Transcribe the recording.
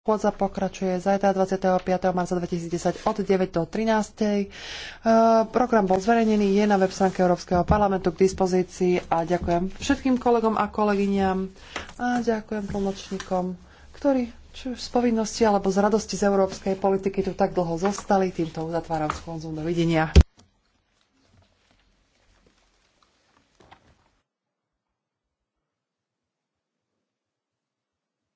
Chôdza pokračuje zajtra 25. marca 2010 od 9 do 13. E, program bol zverejnený, je na web stránke Európskeho parlamentu k dispozícii a ďakujem všetkým kolegom a kolegyňam a ďakujem tlmočníkom, ktorí či už z povinnosti alebo z radosti z európskej politiky tu tak dlho zostali. Týmto uzatváram skonzum. Dovidenia.